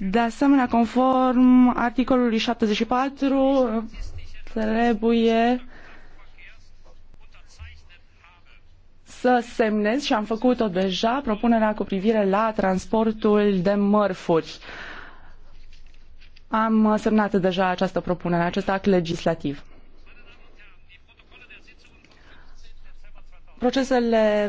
De asemenea, conform articolului 74, trebuie să semnez și am făcut-o deja propunerea cu privire la transportul de mărfuri. Am semnat deja această propunere, acest act legislativ. Procesele